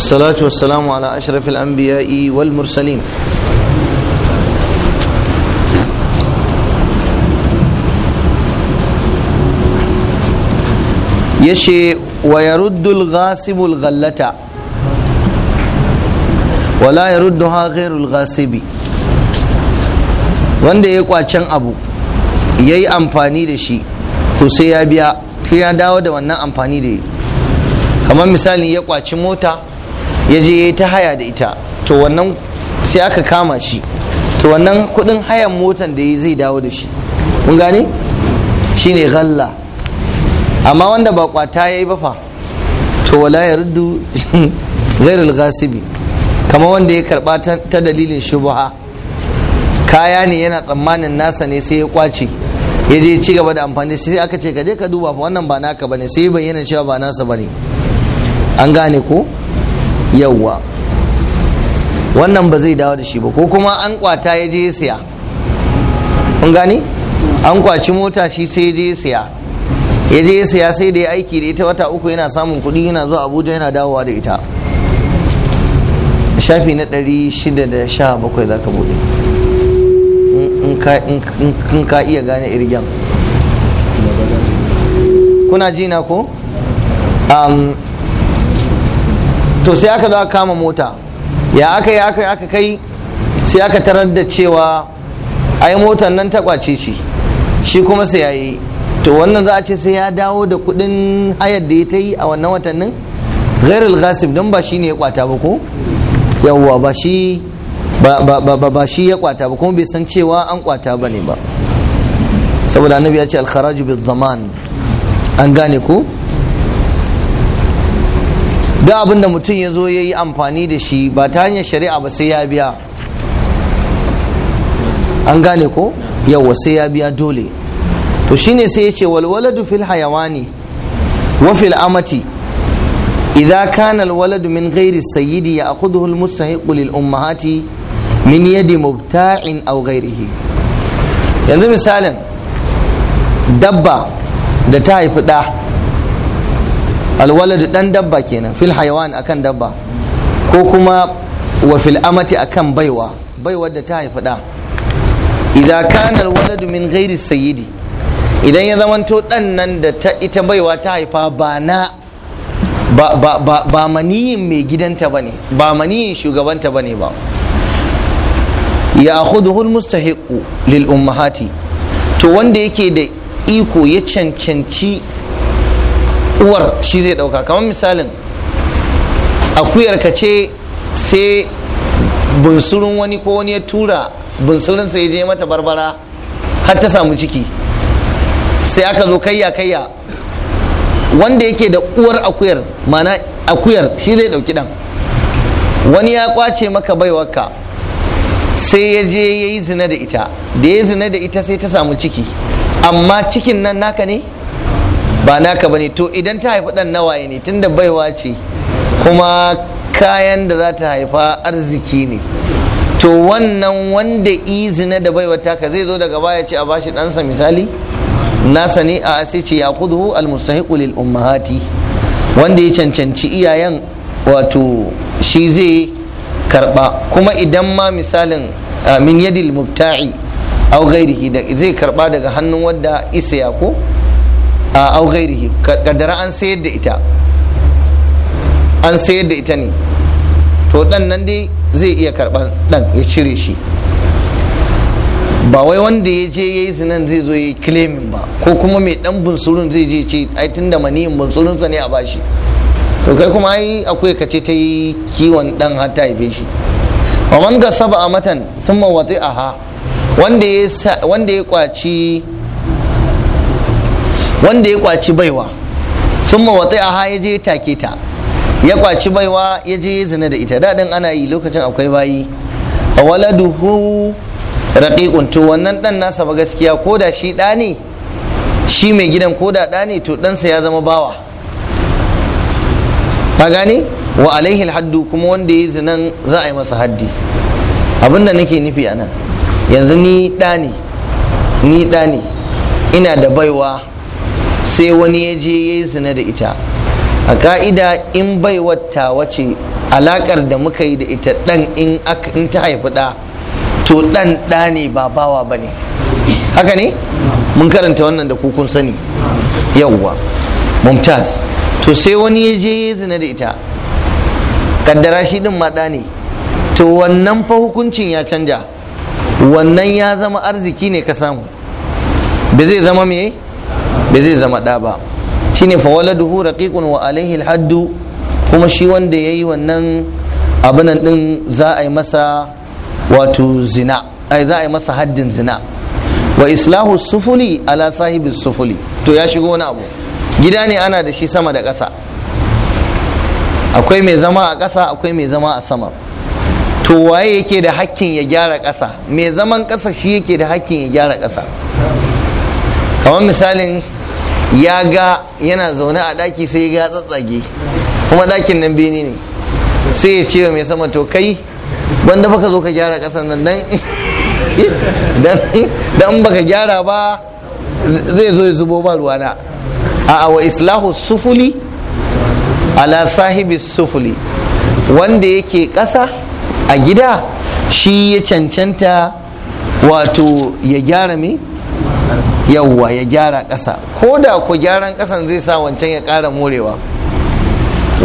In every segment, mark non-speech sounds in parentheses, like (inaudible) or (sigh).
والصلاة والسلام على أشرف الأنبياء والمرسلين يشي ويرد الغاسب الغلة ولا يردها غير الغاسب wanda ya kwacen abu ya yi amfani da shi to sai ya biya sai ya dawo da wannan amfani da yi kamar misali ya kwaci mota ya je ta haya da ita to wannan sai aka kama shi to wannan kudin hayan motan da ya zai dawo da shi kun gane ne ghalla amma wanda ba kwata yayi ba fa to wala ya yaruddu (laughs) ghairul ghasibi kama wanda ya karba ta dalilin shubha kaya ne yana tsammanin nasa ne sai ya kwace ya je ci gaba da amfani sai aka ce ka je ka duba fa wannan ba naka bane sai bayyana cewa ba nasa bane an gane ko yawwa wannan ba zai dawo da shi ba ko kuma an kwata ya je siya kun gani an kwaci mota shi sai ya je siya ya je siya sai da ya aiki da ita wata uku yana samun kuɗi yana zuwa abuja yana dawowa da ita shafi na 617 za ka bude in ka iya gane irgen kuna jina ko? Um, to sai aka zo aka kama mota ya aka yi aka aka kai sai aka tarar da cewa ai motar nan ta kwace shi shi kuma sai yayi to wannan za a ce sai ya dawo da kudin hayar da ya ta yi a wannan watannin ghairul ghasib don ba shi ne ya kwata ba ko yawwa ba shi ba shi ya kwata ba kuma bai san cewa an kwata ba ba saboda annabi ya ce alkharaju bil zaman an gane ko duk abin da mutum ya zo ya yi amfani da shi ba ta hanyar shari'a ba sai ya biya an gane ko yawa sai ya biya dole to shine sai ya ce walwaladu fil hayawani wa fil amati idza kana alwaladu min ghairi sayyidi ya'khudhu almustahiqu lil ummahati min yadi mubta'in aw ghairihi yanzu misalin dabba da ta haifi da alwalad dan dabba kenan fil hayawan akan dabba ko kuma wa fil amati akan baiwa baiwar da ta haifi da idza kana alwaladu min ghairi sayyidi idan ya zamanto dan nan da ta ita baiwa ta haifa ba na ba ba ba, ba maniyin mai gidanta bane ba maniyin shugabanta bane ba ya akhudhu almustahiqu lil ummahati to wanda yake da iko ya cancanci uwar shi zai dauka kamar misalin akuyar ka ce sai bunsurun wani ko wani ya tura bunsurun sai je mata barbara har ta samu ciki sai aka zo kayya kayya wanda yake da uwar akuyar mana akuyar shi zai dauki dan wani ya kwace maka baiwarka sai ya je ya yi zina da ita da ya zina da ita sai ta samu ciki amma cikin nan naka ne ba naka bane to idan ta haifi dan nawaye ne tunda baiwa ce kuma kayan da za ta haifa arziki ne to wannan wanda izina da baiwa taka zai zo daga baya ce a bashi ɗansa misali nasa ne a sai ce ya kudu almustahiqu lil ummahati wanda ya cancanci iyayen wato shi zai karba kuma idan ma misalin min yadil mubta'i au ghairihi zai karba daga hannun wanda isa ya ko a au kaddara an sayar da ita an sayar da ita ne to dan nan dai zai iya karban dan ya cire shi ba wai wanda ya je ya yi zinan zai zo ya yi claiming ba ko kuma mai dan bunsurun zai je ce ai da maniyin bunsurunsa ne a bashi to kai kuma ai akwai kace ta yi kiwon dan har ta haife shi wa man gasaba a matan wati'aha wanda ya kwaci wanda ya kwaci baiwa sun wata aha ya je take ta ya kwaci baiwa ya je zina da ita daɗin ana yi lokacin akwai bayi a waladuhu raƙiƙun to wannan ɗan nasa ba gaskiya ko da shi ɗa ne shi mai gidan ko da ɗa ne to ɗansa ya zama bawa ka gane wa alaihi haddu kuma wanda ya zinan za a yi masa haddi abinda nake nufi a nan yanzu ni ɗa ne ni ɗa ne ina da baiwa sai wani ya je ya yi zina da ita a ka'ida in bai wata wace alakar da muka yi da ita dan in ta haifi da to dan da ne ba bawa ba ne haka ne mun karanta wannan da kun sani yawwa mumtaz to sai wani ya je ya yi zina da ita kaddara shi din maɗa ne to wannan fa hukuncin ya canja wannan ya zama arziki ne ka samu ba zai zama me bai zai zama ɗa ba Shi shine fawaladuhu raqiqun wa alaihi alhaddu kuma shi wanda yayi wannan abinan din za a yi masa wato zina ai za a yi masa haddin zina wa islahu sufuli ala sahibi sufuli to ya shigo wani abu gida ne ana da shi sama da ƙasa akwai mai zama a ƙasa akwai mai zama a sama to waye yake da hakkin ya gyara ƙasa mai zaman ƙasa shi yake da hakkin ya gyara ƙasa kamar misalin ya ga yana zaune a daki sai ya ga tsatsage kuma dakin nan bene ne sai ya ce wa mai sama to kai wanda baka zo ka gyara kasan nan dan (laughs) dan baka gyara ba zai zo ya zubo ba ruwana a wa islahu sufuli ala sahibi sufuli wanda yake ƙasa a gida shi ya cancanta wato ya gyara mai. yawwa ya gyara ƙasa ko da ku gyaran ƙasan zai sa wancan ya ƙara morewa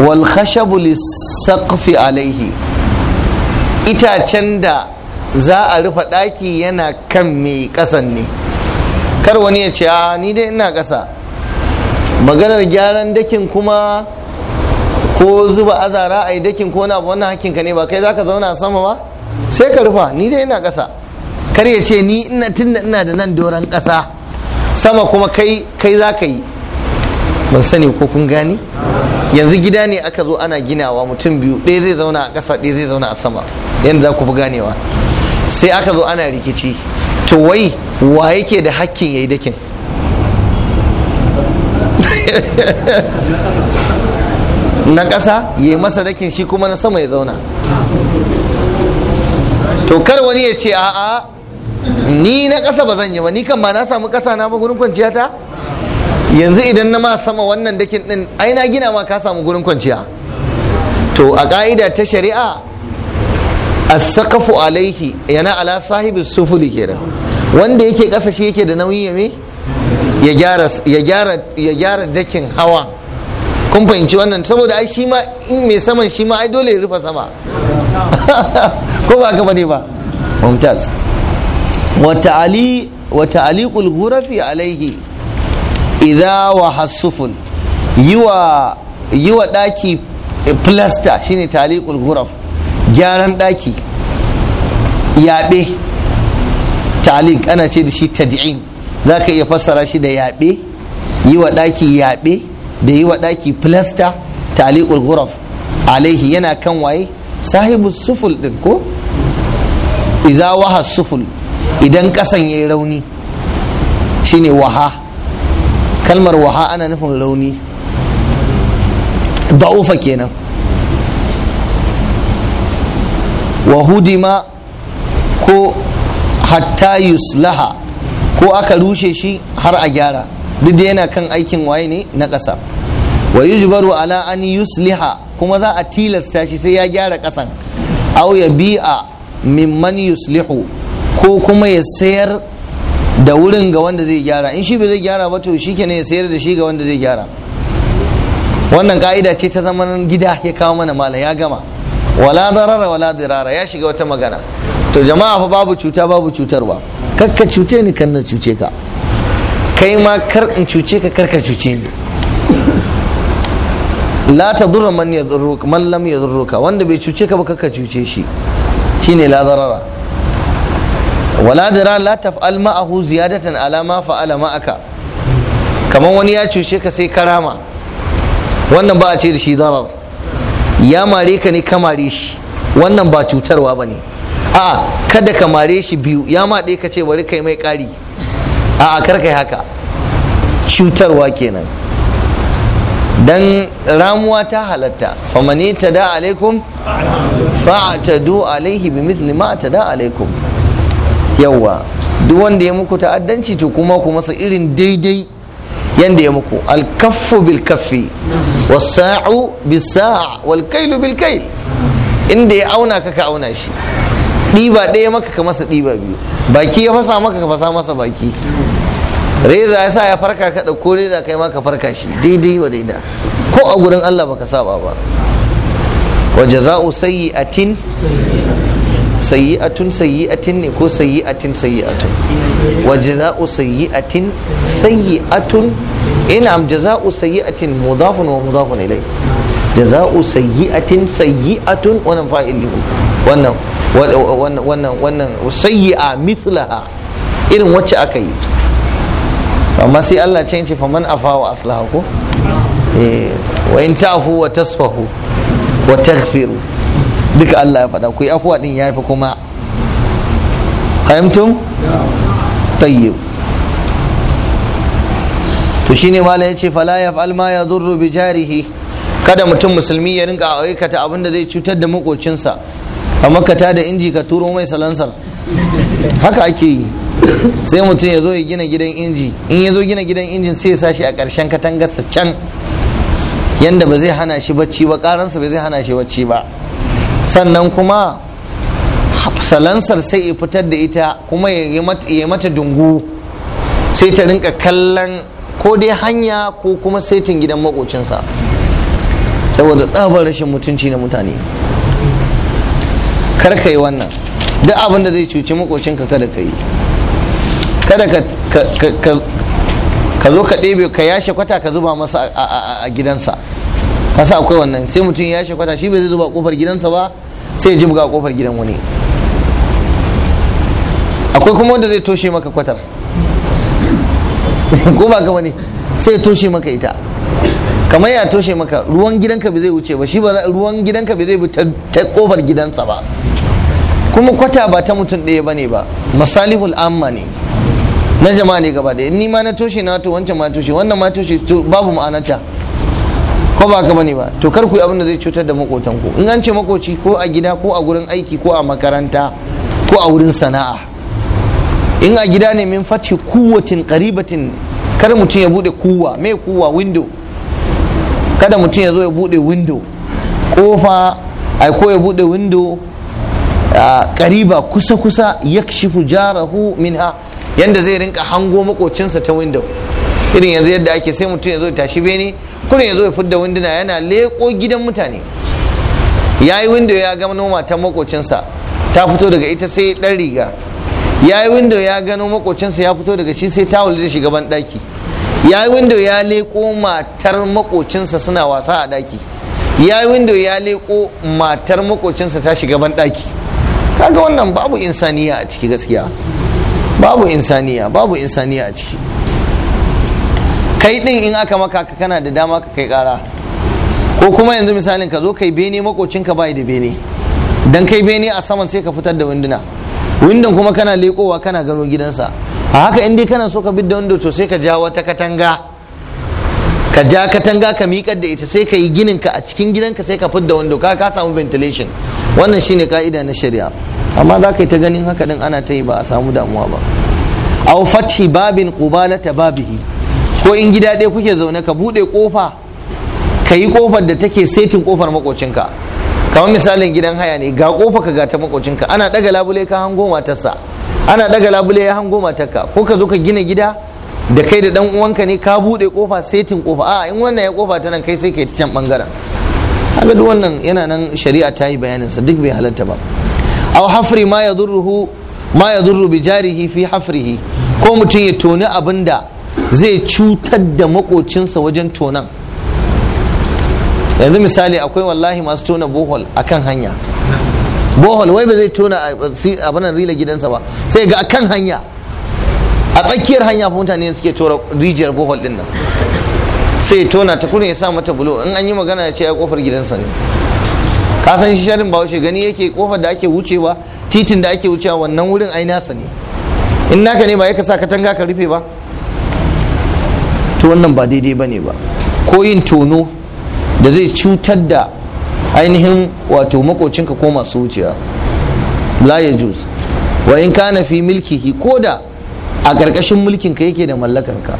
wal khashabu lisaqfi alaihi itacen da za a rufe ɗaki yana kan mai ƙasan ne kar wani ya ce a ni dai ina ƙasa maganar gyaran dakin kuma ko zuba azara a yi dakin ko na wannan hakinka ne ba kai za ka zauna sama ba sai ka rufa ni dai ina ƙasa kar ya ce ni ina tunda ina da nan doron ƙasa sama kuma kai kai za ka yi ban sani ko kun gani yanzu gida ne aka zo ana ginawa mutum biyu ɗaya zai zauna a ƙasa ɗaya zai zauna a sama yadda za ku fi ganewa sai aka zo ana rikici to wai wa yake da hakkin yayi dakin na ƙasa ya yi masa dakin shi kuma na sama ya zauna to kar wani ya ce a'a ni na ƙasa ba zan yi ba ni kan ba na samu ƙasa na ba gurin kwanciya ta yanzu idan na ma sama wannan dakin din ai na gina ma ka samu gurin kwanciya to a ƙa'ida ta shari'a as-saqafu alaihi yana ala sahibi sufuli kenan wanda yake ƙasa shi yake da nauyi ya me ya gyara dakin hawa kun fahimci wannan saboda ai shi ma in mai saman shi ma ai dole ya rufe sama (laughs) ko ba ka bane ba mumtaz وتعليق الغرف عليه إذا وحصف يوى يوى داكي بلاستر شيني تعليق الغرف جاران داكي yaɓe talik ana ce da shi tad'im za iya fassara shi da yaɓe yi wa ɗaki yaɓe da yiwa wa ɗaki filasta talikul ghuraf alaihi yana kan waye sahibu suful ɗin ko iza waha suful idan kasan ya yi rauni shine waha kalmar waha ana nufin rauni da'ufa kenan wa hudima ko hatta yuslaha ko aka rushe shi har a gyara duk yana kan aikin waye ne na ƙasa wa yujbaru ala an yusliha kuma za a tilasta shi sai ya gyara ƙasan au ya bi'a mimman yuslihu ko kuma ya sayar da wurin ga wanda zai gyara in shi bai zai gyara ba to shi ya sayar da shi ga wanda zai gyara wannan ka'ida ce ta zaman gida ya kawo mana malam ya gama wala darara wala dirara ya shiga wata magana to jama'a fa babu cuta babu cutarwa kakka cuce ni kan na cuce ka kai ma kar in cuce ka kar ka cuce ni la tadurra man yadurruka man lam yadurruka wanda bai cuce ka ba kakka cuce shi shine la darara wala dara la taf'al ma'ahu ziyadatan ala ma fa'ala ma'aka kamar wani ya cuce ka sai karama wannan ba a ce da shi darar ya mare ka ne ka mare shi wannan ba cutarwa ba ne a'a kada ka mare shi biyu ya maɗe ka ce bari kai mai ƙari a'a kar kai haka cutarwa kenan dan ramuwa ta halatta famani ta da alaikum do alaihi bi mithli ma ta da alaikum yawa duk wanda ya muku ta'addanci to kuma ku masa irin daidai yanda ya muku alkaffu bil kaffi wasa'u bis sa' wal kailu bil kail inda ya auna ka ka auna shi Diba ɗaya maka ka masa diba biyu baki ya fasa maka ka fasa masa baki reza ya sa ya farka ka ɗauko reza kai ma ka farka shi daidai wa daida ko a gurin Allah baka saba ba wa jaza'u sayyi'atin sayyi'atun sayyi'atin ne ko sayyi'atin sayyi'atun wa jaza'u sayyi'atin sayyi'atun Ina jaza'u sayyi'atin mudafun wa mudafun ilai jaza'u sayyi'atin sayyi'atun wannan fa'il wannan wannan wannan wannan sayyi'a mithlaha irin wacce aka yi amma sai Allah ya ce faman afa wa aslaha ko eh wa in ta'fu wa tasfahu wa taghfiru duka Allah ya faɗa ku yi afuwa din ya fi kuma fahimtum tayyib to ne mala yace fala alma ya zurru bi jarihi kada mutum musulmi ya rinka aikata abun da zai cutar da makocinsa a makata da inji ka turo mai salansar haka ake yi sai mutum ya zo ya gina gidan inji in ya zo gina gidan injin sai ya sashi a ƙarshen katangarsa can yanda ba zai hana shi bacci ba ƙaransa ba zai hana shi bacci ba sannan kuma salansar sai ya fitar da ita kuma ya mata dungu sai ta rinka kallon ko dai hanya ko kuma saitin gidan makocinsa saboda tsabar rashin mutunci na mutane kar yi wannan duk abin da zai cuci makocinka kada ka yi kada ka zo ka ɗebe ka yashe kwata ka zuba masa a gidansa kasa akwai wannan sai mutum ya shekwata, shi bai zai zuba kofar gidansa ba sai ya ji buga kofar gidan wani akwai kuma wanda zai toshe maka kwatar (laughs) ko ba gama ne sai ya toshe maka ita kamar ya toshe maka ruwan gidanka bai zai wuce ba shi ba ruwan gidanka bai zai bi ta kofar gidansa ba kuma kwata ba ta mutum ɗaya ba ne ba masalihul amma ne na jama'a ne gaba ɗaya ni ma na toshe na to wancan ma toshe wannan ma toshe babu ma'anarta ko ba ka bane ba to kar ku yi abin da zai cutar da makotan ku in an ce makoci ko a gida ko a gurin aiki ko a makaranta ko a wurin sana'a in a gida ne min fati kuwatin karibatin kar mutum ya bude kuwa me kuwa window kada mutum ya zo ya bude window kofa ai ko ya bude window kariba kusa kusa yakshifu jarahu minha yanda zai rinka hango makocinsa ta window irin yanzu yadda ake sai mutum ya zo ya tashi bene kurin ya zo ya fidda winduna yana leƙo gidan mutane ya yi windo ya ga noma ta makocinsa ta fito daga ita sai ɗan riga ya yi windo ya gano makocinsa ya fito daga shi sai tawul zai shiga ban daki ya yi windo ya leƙo matar makocinsa suna wasa a ɗaki ya yi windo ya leƙo matar makocinsa ta shiga ban daki kaga wannan babu insaniya a ciki gaskiya babu insaniya babu insaniya a ciki kai din in aka maka kana da dama ka kai kara ko kuma yanzu misalin ka zo kai bene ka bai da bene dan kai bene a saman sai ka fitar da winduna windon kuma kana lekowa kana gano gidansa a haka in dai kana so ka bid da window to sai ka ja wata katanga ka ja katanga ka miƙar da ita sai ka yi ginin ka a cikin gidanka sai ka da wando ka ka samu ventilation wannan shine ka'ida na shari'a amma za ka yi ta ganin haka din ana ta yi ba a samu damuwa ba aw fathi babin qubalata babihi ko in gida ɗaya kuke zaune ka buɗe ƙofa ka yi ƙofar da take setin ƙofar makocinka kamar misalin gidan haya ne ga ƙofa ka gata makocinka ana ɗaga labule ka hango matarsa ana ɗaga labule ya hango matarka ko ka zo ka gina gida da kai da ɗan uwanka ne ka buɗe ƙofa setin ƙofa a in wannan ya ƙofa ta nan kai sai ka yi can ɓangaren haka wannan yana nan shari'a ta yi bayaninsa duk bai halatta ba aw hafri ma ya ma bi jarihi fi hafrihi ko mutum ya toni abinda zai cutar da makocinsa wajen tonan yanzu misali akwai wallahi masu tona bohol a kan hanya bohol wai ba zai tona abinan rila gidansa ba sai ga akan hanya a tsakiyar hanya fa mutane suke tora rijiyar bohol din nan sai tona ta kurin ya sa mata bulo in an yi magana ya ce ya kofar gidansa ne Kasan shi sharin wuce gani yake kofar da ake wucewa titin da ake wucewa wannan wurin ai nasa ne in naka ne ba ya ka sa katanga ka rufe ba to wannan ba daidai ba ne ba ko yin tono da zai cutar da ainihin wato makocinka ko masu wuciya la ya juz wa in kana fi milkihi ko da a ƙarƙashin mulkinka yake da mallakarka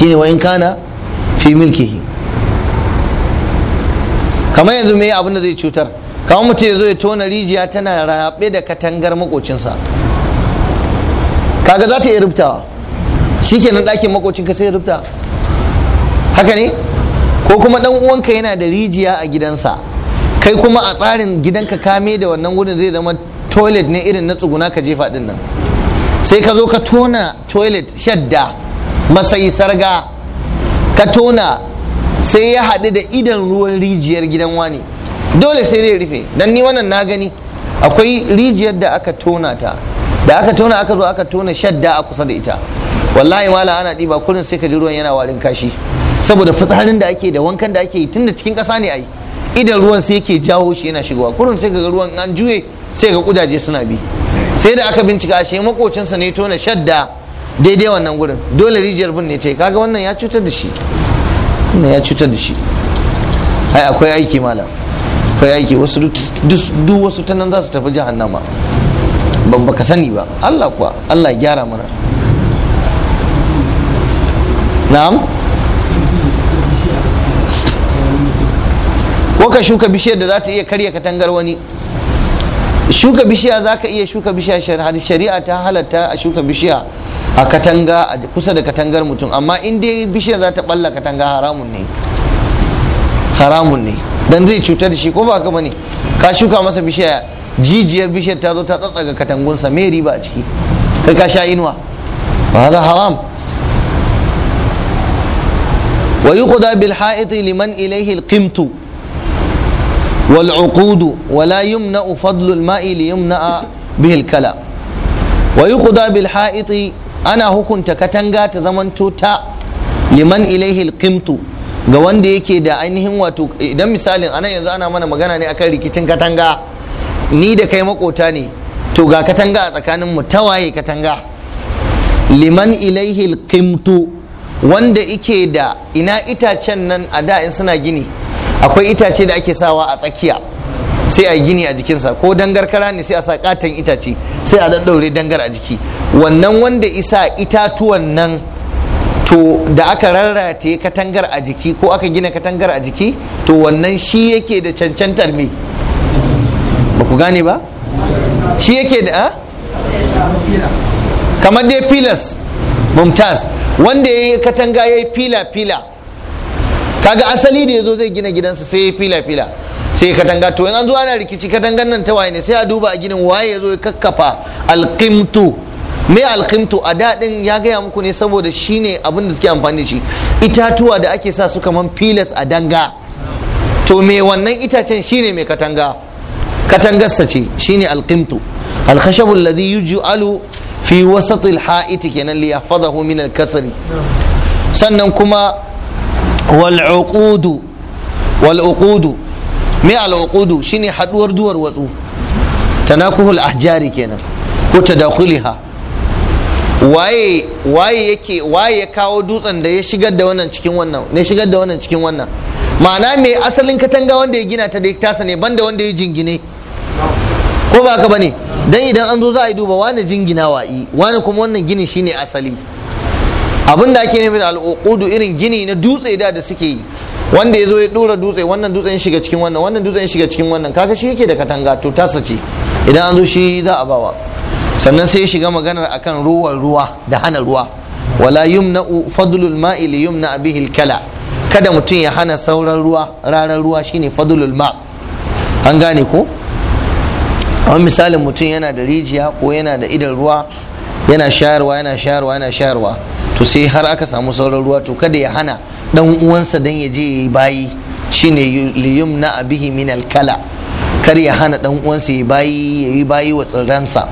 ne wa in kana fi milkihi kamar yanzu mai abin da zai cutar kamar mutum ya zo ya tona rijiya tana rabe da katangar makocinsa kaga za ta iya rubtawa shikenan ɗakin makocinka sai rufta haka ne ko kuma ɗan uwanka yana da rijiya a gidansa kai kuma a tsarin gidanka kame da wannan wurin zai zama toilet ne irin na tsuguna ka jefa ɗin nan sai ka zo ka tona toilet shadda masai sarga ka tona sai ya haɗu da idan ruwan rijiyar gidan wani dole sai zai rufe don ni wannan na gani akwai rijiyar da aka tona ta da aka tona aka zo aka tona shadda a kusa da ita wallahi mala ana ɗiba kurin sai ka ji ruwan yana warin kashi saboda fitsarin da ake da wankan da ake yi tunda cikin ƙasa ne ai idan ruwan sai yake jawo shi yana shigowa kurin sai ga ruwan an juye sai ga kudaje suna bi sai da aka bincika shi sa ne tona shadda daidai wannan gurin dole rijiyar bin ne ce kaga wannan ya cutar da shi wannan ya cutar da shi ai akwai aiki malam akwai aiki wasu duk wasu ta za su tafi jahannama ba ka sani ba Allah kuwa Allah ya gyara mana na'am ko ka shuka bishiyar da za ta iya karya katangar wani shuka bishiya za ka iya shuka bishiya shari'a ta halatta a shuka bishiya a katanga a kusa da katangar mutum amma in dai bishiya za ta balla katanga haramun ne haramun ne dan zai cutar da shi ko ba ka bane ka shuka masa bishiya jijiyar bishiyar ta zo ta tsatsaga katangunsa me ba a ciki kai ka sha inuwa ba za haram wa yuqda bil ha'it liman ilayhi al wal uqud wa la yumna fadl ma'i li yumna bihi al kala wa yuqda bil ana hukunta katanga ta zamanto ta liman ilayhi al ga wanda yake da ainihin wato idan misalin anan yanzu ana mana magana ne akan rikicin katanga ni da kai makota ne to ga katanga a tsakanin mu tawaye katanga liman ilaihi qimtu wanda ike da ina itacen nan a da in suna gini akwai itace da ake sawa a tsakiya sai a gini a jikinsa ko dangar kara ne sai a sa katon itace sai a daddaure dangar a jiki wannan wanda isa itatuwan nan to da aka rarrate katangar a jiki ko aka gina katangar a jiki to wannan shi yake da cancantar me ba ku gane ba shi yake da ah? kamar dai pilas mumtaz wanda ya yi katanga ya yi fila-fila kaga asali da ya zo zai gina gidansa sai ya yi fila-fila sai ya katanga to in an zo ana rikici katangan nan ta waye ne sai a duba a ginin waye ya zo ya kakkafa alkimtu me alkimtu a daɗin ya gaya muku ne saboda shine abin da suke amfani da shi itatuwa da ake sa su kaman filas a danga to me wannan itacen shine mai katanga katangarsa ce shine alkimtu alkhashabu alladhi yuj'alu fi wasat alha'iti kenan li yahfadahu min alkasri sannan kuma wal uqudu wal uqudu me al uqudu shine haduwar duwar watsu tanakuhul ahjari kenan ko tadakhulaha waye yake waye ya kawo dutsen da ya shigar da wannan cikin wannan ne shigar da wannan cikin wannan ma'ana mai asalin katanga wanda ya gina ta da tasa ne banda wanda ya jingine ko ba ka bane dan idan an zo za a yi duba wani jingina wa'i wani kuma wannan gini shine asali abin da ake nufi da al'uqudu irin gini na dutse da da suke yi wanda ya zo ya dora dutse wannan dutse ya shiga cikin wannan wannan dutse ya shiga cikin wannan kaga shi yake da katanga to tasa ce idan an zo shi za a bawa sannan sai ya shiga maganar akan ruwan ruwa da hana ruwa wala yumna'u fadlul ma'i li yumna bihi kala kada mutum ya hana sauran ruwa raran ruwa shine fadlul ma an gane ko a misalin mutum yana da rijiya ko yana da idan ruwa yana shayarwa yana shayarwa yana shayarwa to sai har aka samu sauran ruwa to kada ya hana dan uwansa dan ya je yi bayi shine liyumna bihi min alkala kar ya hana dan uwansa ya bayi yi bayi wa tsirransa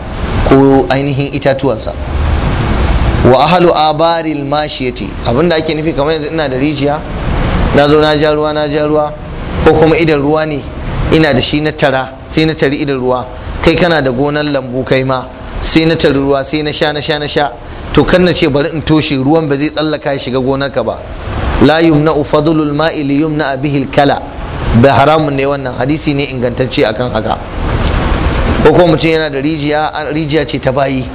ko ainihin itatuwansa wa ahalu abaril mashiyati abinda ake nufi kamar yanzu ina da rijiya na zo na ja ruwa na ja ruwa ko kuma idan ruwa ne ina da shi na tara sai na tari idan ruwa kai kana da gonar lambu kai ma sai na tari ruwa sai na sha na sha na sha to kan na ce bari in toshe ruwan ba zai tsallaka ya shiga gonarka ba la yumna ufadulul ma'i na yumna bihil kala Bai haramun ne wannan hadisi ne ingantacce akan haka ko kuma mutum yana da rijiya rijiya ce ta bayi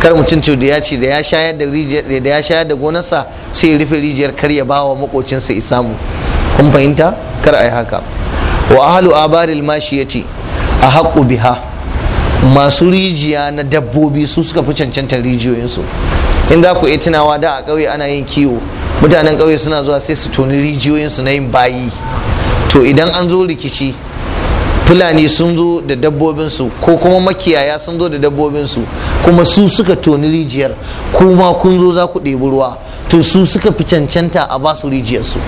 kar mutum ce da ya ce da ya shayar da rijiya da ya shayar da gonarsa sai ya rufe rijiyar kar ya ba wa makocinsa ya samu kun fahimta kar a yi haka wa ahlu abaril ce. a haƙu biha masu rijiya na dabbobi su suka fi cancantar rijiyoyinsu in za ku iya tunawa da a ƙauye ana yin kiwo mutanen ƙauye suna zuwa sai su toni rijiyoyinsu na yin bayi to idan an zo rikici fulani sun zo da dabbobinsu ko kuma makiyaya sun zo da dabbobinsu kuma su suka toni rijiyar kuma kun zo za ku ɗebi ruwa to su suka fi cancanta a basu rijiyarsu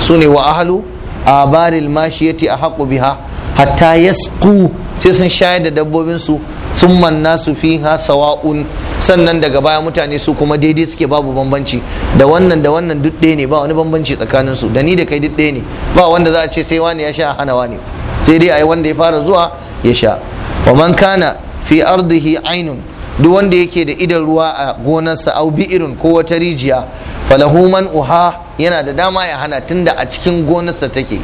su ne wa ahalu abaril mashiyati a haƙu biha hatta yasku sai sun shayar da dabbobin su sun manna su ha sawa'un sannan daga baya mutane su kuma daidai suke babu bambanci da wannan da wannan duk ɗaya ne ba wani bambanci tsakanin su da ni da kai duk ɗaya ne ba wanda za a ce sai wani ya sha hana wani sai dai ayi wanda ya fara zuwa ya sha wa man kana fi ardihi ainun duk wanda yake da idan ruwa a gonarsa au bi'irin ko wata rijiya falahu man uha yana da dama ya hana tunda a cikin gonarsa take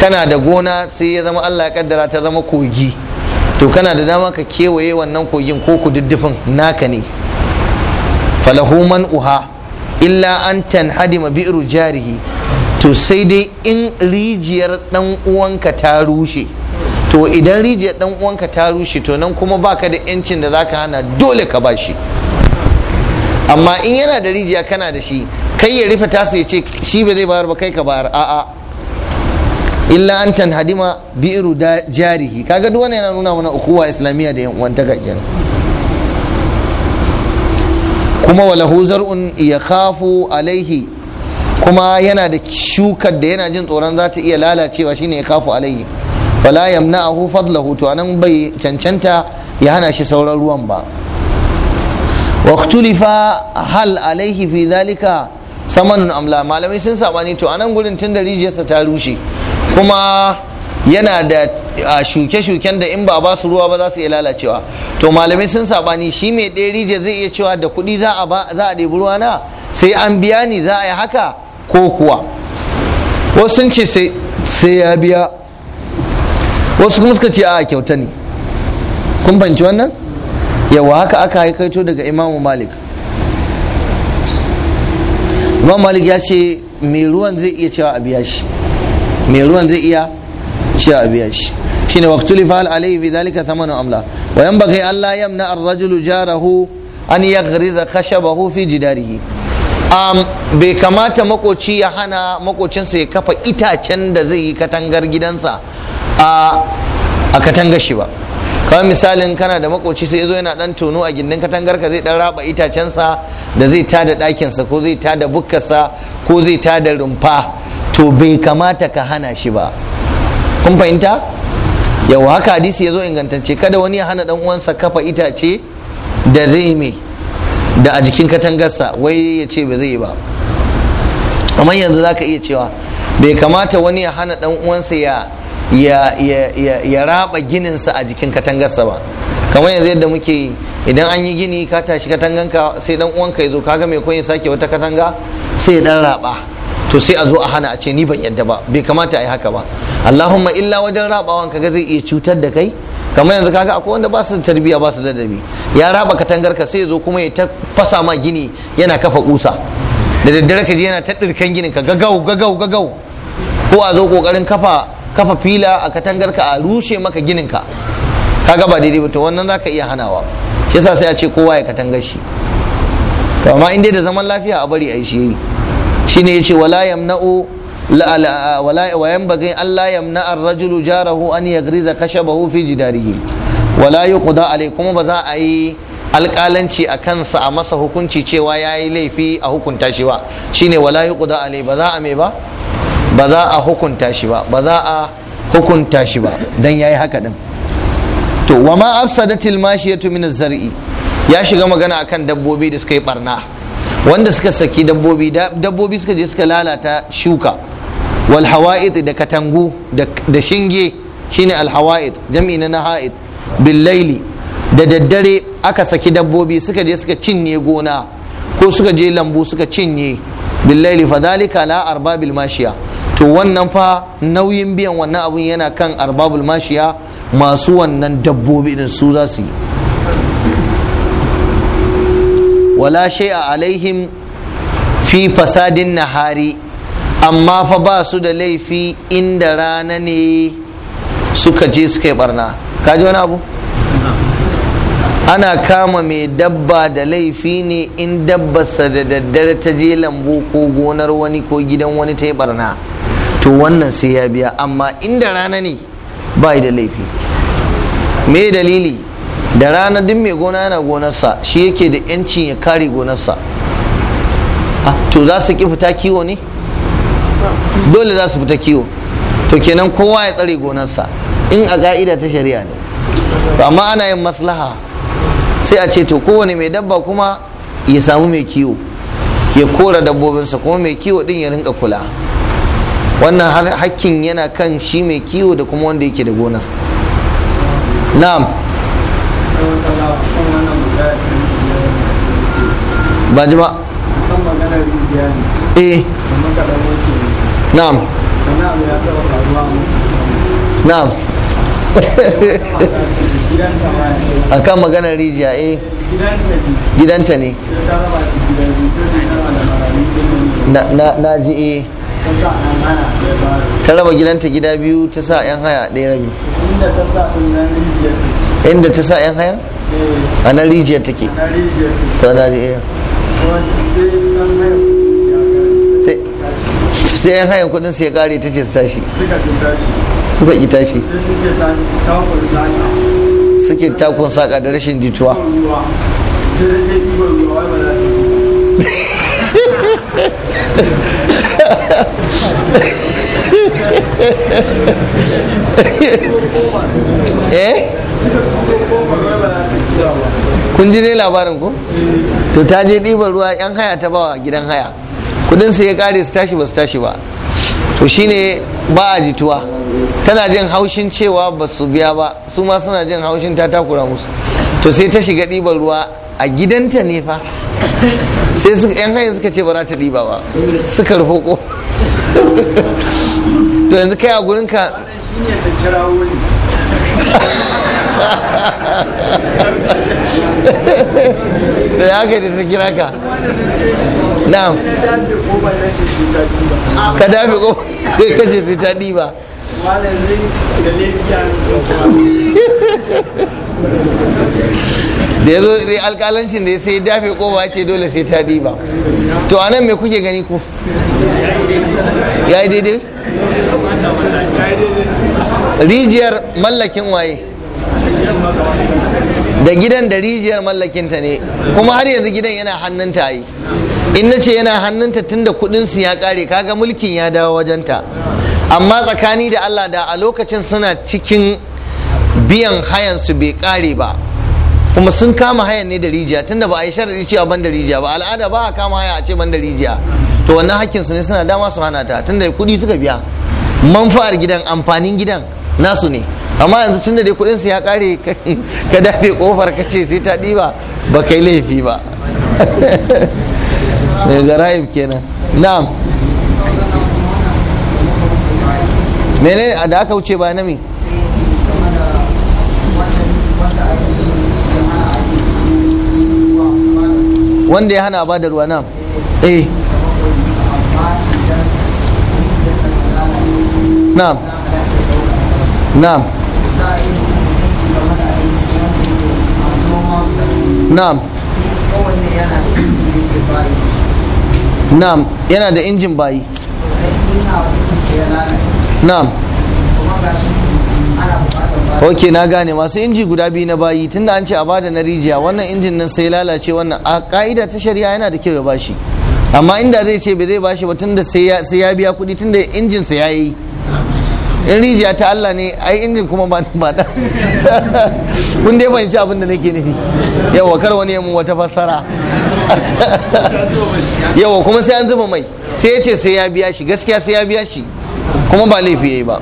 kana da gona sai ya zama Allah ya kaddara ta zama kogi to kana da dama ka kewaye wannan kogin ko kududdufin naka ne falahu man uha illa an tanhadima bi'ru jarihi to sai dai in rijiyar dan uwanka ta rushe to idan rijiya dan uwanka ta rushe to nan kuma baka da yancin da zaka hana dole ka bashi amma in yana da rijiya kana da shi kai ya rufe tasa ya ce shi ba zai bayar ba kai ka bayar a'a illa an bi bi'iru da jarihi kaga duk wannan yana nuna mana ukuwa islamiyya da yan uwanta kenan kuma walahu zar'un ya khafu alaihi kuma yana da shukar da yana jin tsoron za ta iya lalacewa shine ya kafu alaihi fala yamna'ahu fadlahu to anan bai cancanta ya hana shi sauran ruwan ba waktulifa hal alaihi fi zalika saman amla malamai sun sabani to anan gurin tun da rijiyarsa ta rushe kuma yana da a shuke-shuken da in ba ba su ruwa ba za su iya lalacewa to malamai sun sabani shi mai ɗaya rijiya zai iya cewa da kuɗi za a ɗebi ruwa na sai an biya ni za a yi haka ko kuwa wasu sun ce sai ya biya wasu kuma suka ce a kyauta ne kun fahimci wannan yawa haka aka haikaito daga imamu malik imam malik ya ce mai ruwan zai iya cewa a biya shi mai ruwan zai iya cewa a biya shi shine waqtuli fa alayhi bi dhalika thamanu amla wa bakai an la yamna ar-rajulu jarahu an yaghriza khashabahu fi jidarihi Um, bai kamata makoci ya hana makocinsa ya kafa itacen da zai yi katangar gidansa a katangar shi ba kamar misalin kana da makoci sai zo yana dan tono a gindin katangar ka zai dan raba itacensa da zai da ɗakinsa ko zai da bukkarsa ko zai da rumfa to bai kamata ka hana shi ba kun fahimta yau haka hadisi ya zo ingantacce kada wani ya hana dan uwansa kafa itace da zai mai da a jikin katangarsa wai ya ce ba zai yi ba amma yanzu za ka iya cewa bai kamata wani ya hana dan uwansa ya ya ya ya raba gininsa a jikin katangarsa ba kamar yanzu yadda muke yi idan an yi gini ka tashi katanganka sai dan uwanka ya zo kaga mai koyi sake wata katanga sai ya dan raba to sai a zo a hana a ce ni ban yadda ba bai kamata a yi haka ba allahumma illa wajen rabawan kaga zai iya cutar da kai kamar yanzu kaga akwai wanda ba su da tarbiyya ba su da dabi ya raba katangar ka sai zo kuma ya ta fasa ma gini yana kafa kusa da daddare ka je yana ta dirkan ginin ka gagau gagau gagau ko a zo kokarin kafa kafa fila a katangar ka a rushe maka ginin ka kaga ba daidai ba to wannan zaka iya hanawa yasa sai a ce kowa ya katanga shi to amma in dai da zaman lafiya a bari a yi shi shine yace wala yamna'u وينبغي أن لا يمنع الرجل جاره أن يغرز خشبه في جداره ولا يقضى عليكم بزا أي alƙalanci a kansa a masa hukunci cewa ya yi laifi a hukunta shi ba shine wala yuqda ale ba za a me ba ba za a hukunta shi ba ba za a hukunta shi ba don ya yi haka din to wa ma afsadatil mashiyatu min az-zar'i ya shiga magana akan dabbobi da suka yi barna wanda suka saki dabbobi dabbobi suka je suka lalata shuka wal hawa'id da katangu da shinge shine al hawa'id jam'i na ha'id bil laili da daddare aka saki dabbobi suka je suka cinye gona ko suka je lambu suka cinye laili fa dalika la arbabil mashiya to wannan fa nauyin biyan wannan abun yana kan arbabul mashiya masu wannan dabbobi din su za yi wala shay'a alaihim fi fasadin nahari amma fa ba su da laifi inda rana ne suka je suka yi barna kaji wani abu ana kama mai dabba da laifi ne in dabbasa da daddare ta je lambu ko gonar wani ko gidan wani ta yi barna to wannan sai ya biya amma inda rana ne ba da laifi me dalili da rana duk mai gona yana gonarsa shi yake da yanci ya kare gonarsa ah, to za su ki fita kiwo ne dole za su fita kiwo to kenan kowa ya tsare gonarsa in a ga'ida ta shari'a ne amma ana yin maslaha sai a ce to kowane mai dabba kuma ya samu mai kiwo ya kora dabbobinsa kuma mai kiwo din ya rinka kula wannan hakkin yana kan shi mai kiwo da kuma wanda yake da gonar na'am ba eh na'am na'am (laughs) a kan maganar rijiya eh gidanta ne na ji eh ta raba gidanta gida biyu ta sa 'yan haya ɗaya rabi inda ta sa inda ta sa 'yan haya eh. a nan rijiyar take ta na rijiyar eh. sai 'yan hayan kudin sai ya kare ta ce su tashi suka ki tashi suke takon saka da rashin jituwa (laughs) Eh? eh kun ji ne labarin ku to ta je ɗiban ruwa yan haya ta bawa gidan haya kudin su ya kare su tashi ba su tashi ba to shine ba a jituwa tana jin haushin cewa ba su biya ba su ma suna jin haushin ta takura musu to sai ta shiga ɗiban ruwa a gidanta ne fa sai yan hanyar suka ce ba za ta ɗiba ba suka rufo ko to yanzu kai a gurin ka da (laughs) ya kai da ta kira ka na'am ka dafe ko ba (laughs) ka ce sai ta ɗiba (laughs) da ya zo da alkalancin da ya sai dafe ba ce dole sai ta ba. to anan me kuke gani ku ya yi daidai rijiyar mallakin waye da gidan da rijiyar mallakinta ne kuma har yanzu gidan yana hannunta yi in na ce yana hannunta tunda kudinsu ya kare kaga mulkin ya dawo wajenta amma tsakani da allah da a lokacin suna cikin biyan hayansu bai kare ba kuma sun kama hayan ne da rijiya tunda ba a yi sharadi cewa ban da rijiya ba al'ada ba a kama haya a ce ban da rijiya to wannan hakkinsu ne suna dama su hana ta tunda kuɗi suka biya manfa'ar gidan amfanin gidan nasu ne amma yanzu da dai kudin su ya kare (laughs) ka dafe kofar ka ce sai ta diba ba kai laifi ba (laughs) mai gara'ib kenan na'am mene da aka wuce ba mi wanda ya hana ba da ruwa na eh نعم نعم نعم نعم ينا ده انجن باي نعم ok na gane masu inji guda biyu na bayi tunda an ce a bada na rijiya wannan injin nan sai lalace wannan a ka'ida ta shari'a yana da kyau ya bashi amma inda zai ce bai zai bashi ba tunda sai ya biya kudi tunda injin sa yayi in rijiya ta Allah ne ai injin kuma ba ba da kun dai fahimci abin da nake nufi yawa kar wani mun wata fassara yawa kuma sai an zuba mai sai ya ce sai ya biya shi gaskiya sai ya biya shi kuma ba laifi yayi ba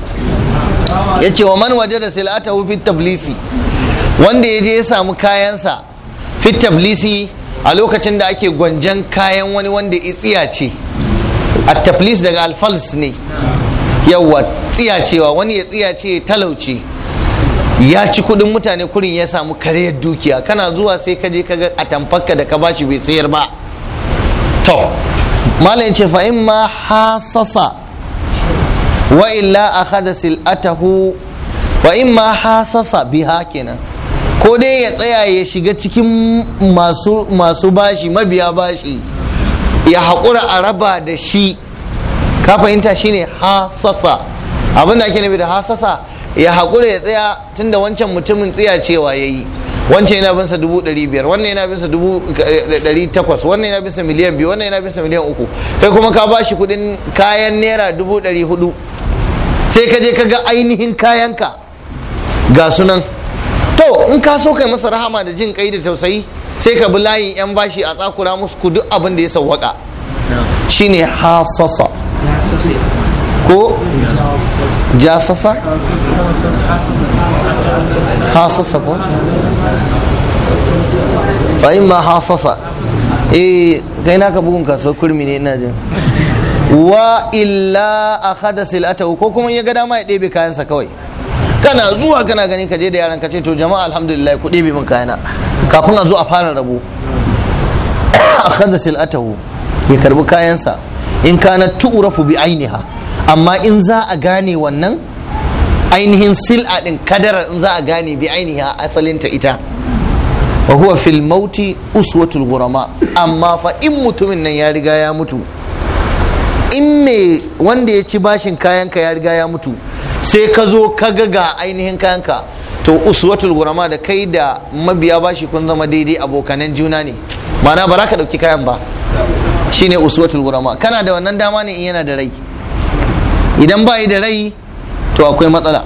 ya ce wa man waje da silatahu fit tablisi wanda ya je ya samu kayansa fit tablisi a lokacin da ake gwanjan kayan wani wanda itsiya ce a tablis daga alfals ne tsiya tsiyacewa wani ya tsiyace talauci ya ci kudin mutane kurin ya samu kariyar dukiya kana zuwa sai ka je ka ga atamfarka da ka bashi bai sayar ba to malam ce fa in ma hasasa wa illa akhadha sil'atahu wa in ma hasasa biha kenan ko dai ya tsaya ya shiga cikin masu masu bashi mabiya bashi ya haƙura a raba da shi ka fahimta shine hasasa abin da ake nufi da hasasa ya haƙura ya tsaya tunda wancan mutumin tsaya cewa ya yi wancan yana binsa dubu ɗari biyar wannan yana binsa dubu eh, ɗari takwas wannan yana binsa miliyan biyu wannan yana binsa miliyan uku kai kuma ka ba shi kuɗin kayan naira dubu ɗari hudu sai ka je ka ga ainihin kayanka ga sunan to in ka so kai masa rahama da jin kai da tausayi sai ka bi layin yan bashi a tsakura musu ku duk abin da ya sawwaka shine hasasa ko jasasa hasasa ko fa in ma hasasa eh kai naka bugun kaso kurmi ne ina jin wa illa akhadha silatahu ko kuma ya ga dama ya ɗebe kayansa kawai kana zuwa kana ganin ka je da yaran ka ce to jama'a alhamdulillah ku ɗebe min kayana kafin a zo a fara rabo (coughs) akhadha silatahu ya karbi kayansa in kana tu'rafu bi ainiha amma in za a gane wannan ainihin sil'a din kadara in za a gane bi ainiha asalinta ita wa huwa fil mauti uswatul ghurama amma fa in mutumin nan ya riga ya mutu in me wanda ya ci bashin kayanka ya riga ya mutu sai ka zo ka ga ga ainihin kayanka to uswatul gurama da kai da mabiya bashi kun zama daidai abokanan juna ne ma'ana ba za ka ɗauki kayan ba shine uswatul gurama kana da wannan dama ne in yana da rai idan ba da rai to akwai matsala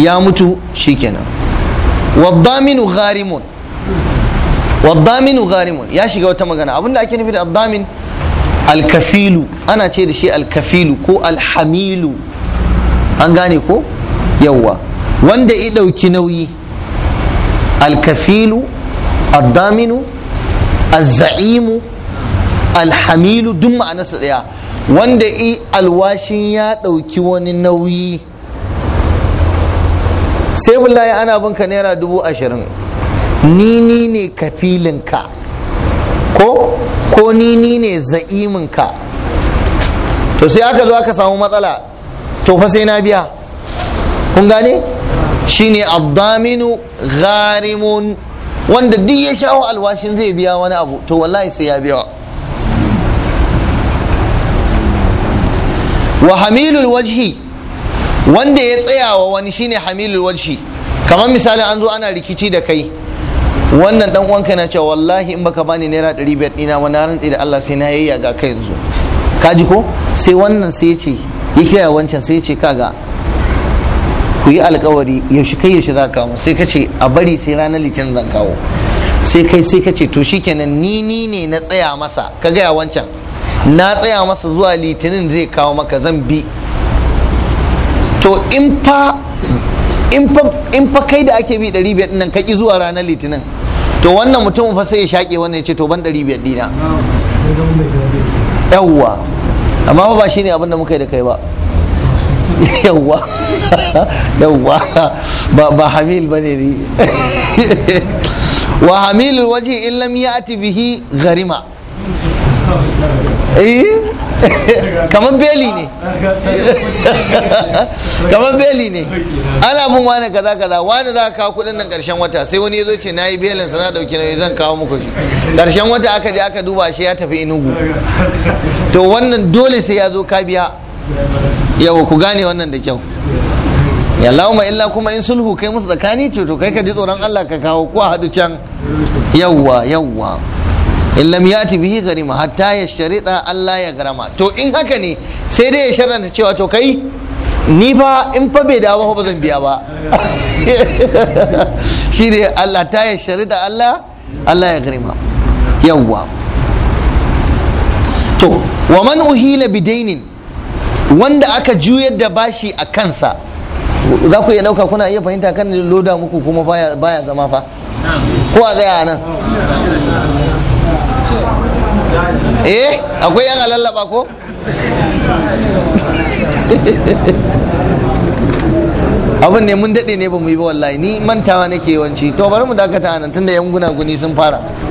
ya mutu shikenan waddaminu gharimun waddaminu gharimun ya shiga wata magana abinda ake nufi da addamin alkafilu ana ce da shi alkafilu ko alhamilu an gane ko yawa. wanda ya ɗauki nauyi alkafilu addaminu azza'imu alhamilu duk ma'anarsa ɗaya wanda i alwashin ya ɗauki wani nauyi sai wallahi ana binka naira dubu ashirin ni ne kafilinka ko ko ni ne za'iminka to sai aka zo aka samu matsala to fa sai na biya kun gane shine abdaminu gharimun wanda duk ya shawo alwashin zai biya wani abu to wallahi sai ya biya wa hamilul wajhi wanda ya tsayawa wani shine hamilul wajhi kamar misali an zo ana rikici da kai wannan dan uwanka na cewa wallahi in baka bani naira 500 dina na rantsi da Allah sai na yayya ga kai yanzu kaji ko sai wannan sai ya ce ya kira wancan sai ya ce kaga ku yi alkawari yaushe kai yaushe za ka kawo sai ka ce a bari sai ranar litinin zan kawo sai kai sai ka ce to shikenan ni ni ne na tsaya masa ka gaya wancan na tsaya masa zuwa litinin zai kawo maka zan bi to in fa kai da ake bi 500 nan ka ƙi zuwa ranar litinin to wannan mutumin fa sai ya shaƙe wannan ya ce to ban 500 dina yawwa amma ba shi ne abinda muka yi da kai ba (laughs) yawwa (laughs) yawwa ba hamil ba ne (laughs) wa hamilul waje in lam ya'ti bihi gharima eh (laughs) kamar beli ne (laughs) kamar beli ne ana mun wani kaza kaza wani za ka kawo kudin nan karshen wata sai wani ya zo ce nayi belin sana dauki nauyi zan kawo muku shi karshen wata aka je aka duba shi ya tafi inugu to wannan dole sai ya zo ka biya yawa ku gane wannan da kyau ya lauma illa kuma in sulhu kai musu tsakani to kai ka ji tsoron Allah ka kawo ko hadu can yawwa yawwa in lam yati bihi garima hatta ya sharida Allah ya garama to in haka ne sai dai ya sharanta cewa to kai ni fa in fa bai dawo ba zan biya ba (laughs) shi ne Allah ta ya sharida Allah Allah ya garima yawwa to wa man uhila bidainin wanda aka juyar da bashi a kansa za ku iya ɗauka kuna iya fahimta kan loda muku kuma baya zama fa ko a tsaya nan eh akwai yan alallaba ko abin ne mun daɗe ne ba mu yi ba wallahi ni mantawa nake yawanci to bari mu dakata nan tunda yan guna guni sun fara